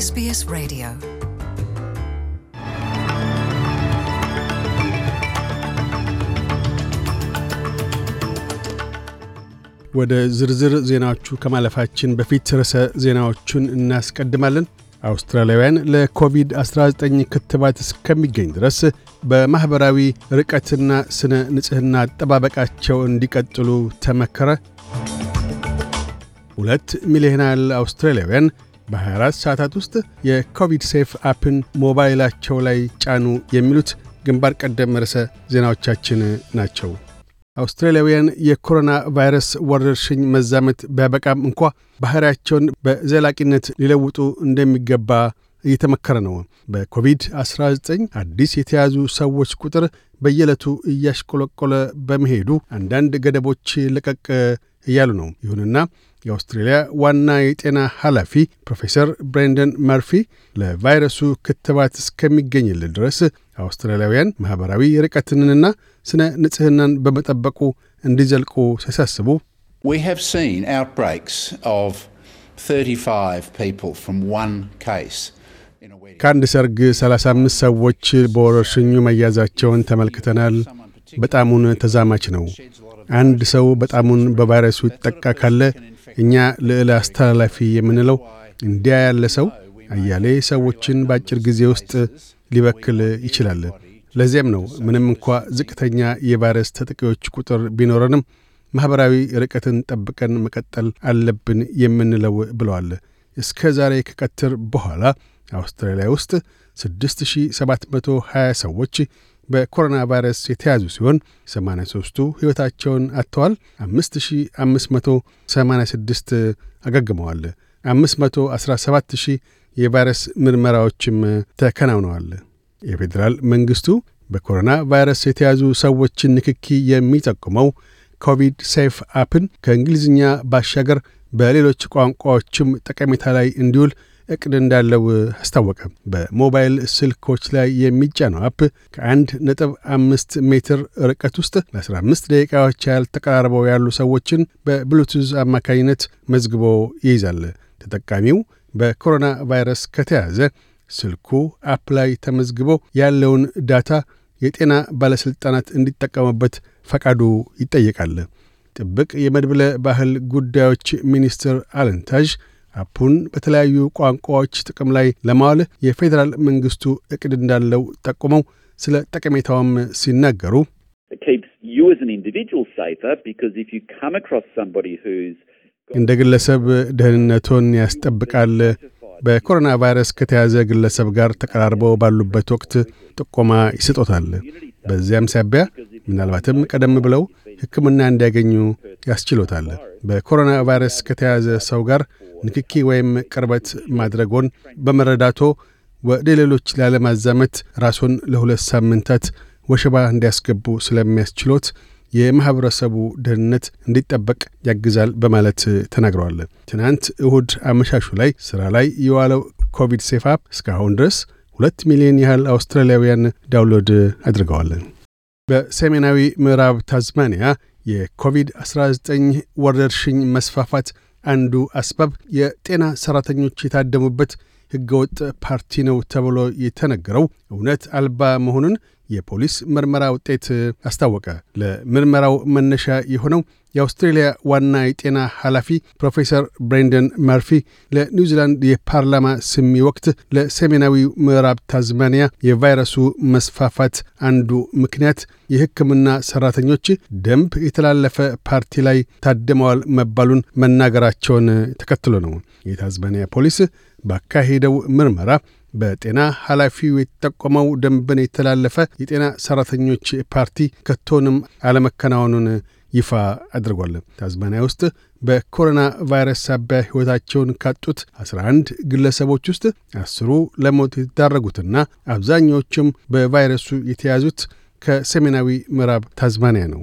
SBS Radio ወደ ዝርዝር ዜናዎቹ ከማለፋችን በፊት ርዕሰ ዜናዎቹን እናስቀድማለን። አውስትራሊያውያን ለኮቪድ-19 ክትባት እስከሚገኝ ድረስ በማኅበራዊ ርቀትና ስነ ንጽሕና አጠባበቃቸው እንዲቀጥሉ ተመከረ። ሁለት ሚሊዮናል አውስትራሊያውያን በ24 ሰዓታት ውስጥ የኮቪድ ሴፍ አፕን ሞባይላቸው ላይ ጫኑ የሚሉት ግንባር ቀደም ርዕሰ ዜናዎቻችን ናቸው። አውስትራሊያውያን የኮሮና ቫይረስ ወረርሽኝ መዛመት ቢያበቃም እንኳ ባሕሪያቸውን በዘላቂነት ሊለውጡ እንደሚገባ እየተመከረ ነው። በኮቪድ-19 አዲስ የተያዙ ሰዎች ቁጥር በየዕለቱ እያሽቆለቆለ በመሄዱ አንዳንድ ገደቦች ለቀቅ እያሉ ነው። ይሁንና የአውስትሬልያ ዋና የጤና ኃላፊ ፕሮፌሰር ብሬንደን መርፊ ለቫይረሱ ክትባት እስከሚገኝልን ድረስ አውስትራሊያውያን ማኅበራዊ ርቀትንና ስነ ንጽሕናን በመጠበቁ እንዲዘልቁ ሲያሳስቡ ከአንድ ሰርግ 35 ሰዎች በወረርሽኙ መያዛቸውን ተመልክተናል። በጣሙን ተዛማች ነው። አንድ ሰው በጣሙን በቫይረሱ ይጠቃ ካለ እኛ ልዕለ አስተላላፊ የምንለው እንዲያ ያለ ሰው አያሌ ሰዎችን በአጭር ጊዜ ውስጥ ሊበክል ይችላል። ለዚያም ነው ምንም እንኳ ዝቅተኛ የቫይረስ ተጠቂዎች ቁጥር ቢኖረንም ማኅበራዊ ርቀትን ጠብቀን መቀጠል አለብን የምንለው ብለዋል። እስከ ዛሬ ከቀትር በኋላ አውስትራሊያ ውስጥ 6720 ሰዎች በኮሮና ቫይረስ የተያዙ ሲሆን 83ቱ ሕይወታቸውን አጥተዋል። 5586 አገግመዋል። 517 ሺህ የቫይረስ ምርመራዎችም ተከናውነዋል። የፌዴራል መንግሥቱ በኮሮና ቫይረስ የተያዙ ሰዎችን ንክኪ የሚጠቁመው ኮቪድ ሴፍ አፕን ከእንግሊዝኛ ባሻገር በሌሎች ቋንቋዎችም ጠቀሜታ ላይ እንዲውል እቅድ እንዳለው አስታወቀ። በሞባይል ስልኮች ላይ የሚጫነው አፕ ከአንድ ነጥብ አምስት ሜትር ርቀት ውስጥ ለ15 ደቂቃዎች ያህል ተቀራርበው ያሉ ሰዎችን በብሉቱዝ አማካኝነት መዝግቦ ይይዛል። ተጠቃሚው በኮሮና ቫይረስ ከተያዘ ስልኩ አፕ ላይ ተመዝግቦ ያለውን ዳታ የጤና ባለሥልጣናት እንዲጠቀሙበት ፈቃዱ ይጠየቃል። ጥብቅ የመድብለ ባህል ጉዳዮች ሚኒስትር አለንታዥ አፑን በተለያዩ ቋንቋዎች ጥቅም ላይ ለማዋል የፌዴራል መንግስቱ እቅድ እንዳለው ጠቁመው ስለ ጠቀሜታውም ሲናገሩ እንደ ግለሰብ ደህንነቶን ያስጠብቃል። በኮሮና ቫይረስ ከተያዘ ግለሰብ ጋር ተቀራርበው ባሉበት ወቅት ጥቆማ ይስጦታል። በዚያም ሳቢያ ምናልባትም ቀደም ብለው ሕክምና እንዲያገኙ ያስችሎታል። በኮሮና ቫይረስ ከተያዘ ሰው ጋር ንክኪ ወይም ቅርበት ማድረጎን በመረዳቶ ወደ ሌሎች ላለማዛመት ራሱን ለሁለት ሳምንታት ወሸባ እንዲያስገቡ ስለሚያስችሎት የማህበረሰቡ ደህንነት እንዲጠበቅ ያግዛል በማለት ተናግረዋል። ትናንት እሁድ አመሻሹ ላይ ስራ ላይ የዋለው ኮቪድ ሴፍ አፕ እስካሁን ድረስ ሁለት ሚሊዮን ያህል አውስትራሊያውያን ዳውንሎድ አድርገዋል። በሰሜናዊ ምዕራብ ታዝማኒያ የኮቪድ-19 ወረርሽኝ መስፋፋት አንዱ አስባብ የጤና ሠራተኞች የታደሙበት ሕገወጥ ፓርቲ ነው ተብሎ የተነገረው እውነት አልባ መሆኑን የፖሊስ ምርመራ ውጤት አስታወቀ። ለምርመራው መነሻ የሆነው የአውስትሬልያ ዋና የጤና ኃላፊ ፕሮፌሰር ብሬንደን መርፊ ለኒውዚላንድ የፓርላማ ስሚ ወቅት ለሰሜናዊው ምዕራብ ታዝማኒያ የቫይረሱ መስፋፋት አንዱ ምክንያት የሕክምና ሠራተኞች ደንብ የተላለፈ ፓርቲ ላይ ታድመዋል መባሉን መናገራቸውን ተከትሎ ነው። የታዝማኒያ ፖሊስ ባካሄደው ምርመራ በጤና ኃላፊው የተጠቆመው ደንብን የተላለፈ የጤና ሠራተኞች ፓርቲ ከቶንም አለመከናወኑን ይፋ አድርጓል። ታዝማኒያ ውስጥ በኮሮና ቫይረስ ሳቢያ ሕይወታቸውን ካጡት 11 ግለሰቦች ውስጥ አስሩ ለሞት የተዳረጉትና አብዛኛዎቹም በቫይረሱ የተያዙት ከሰሜናዊ ምዕራብ ታዝማኒያ ነው።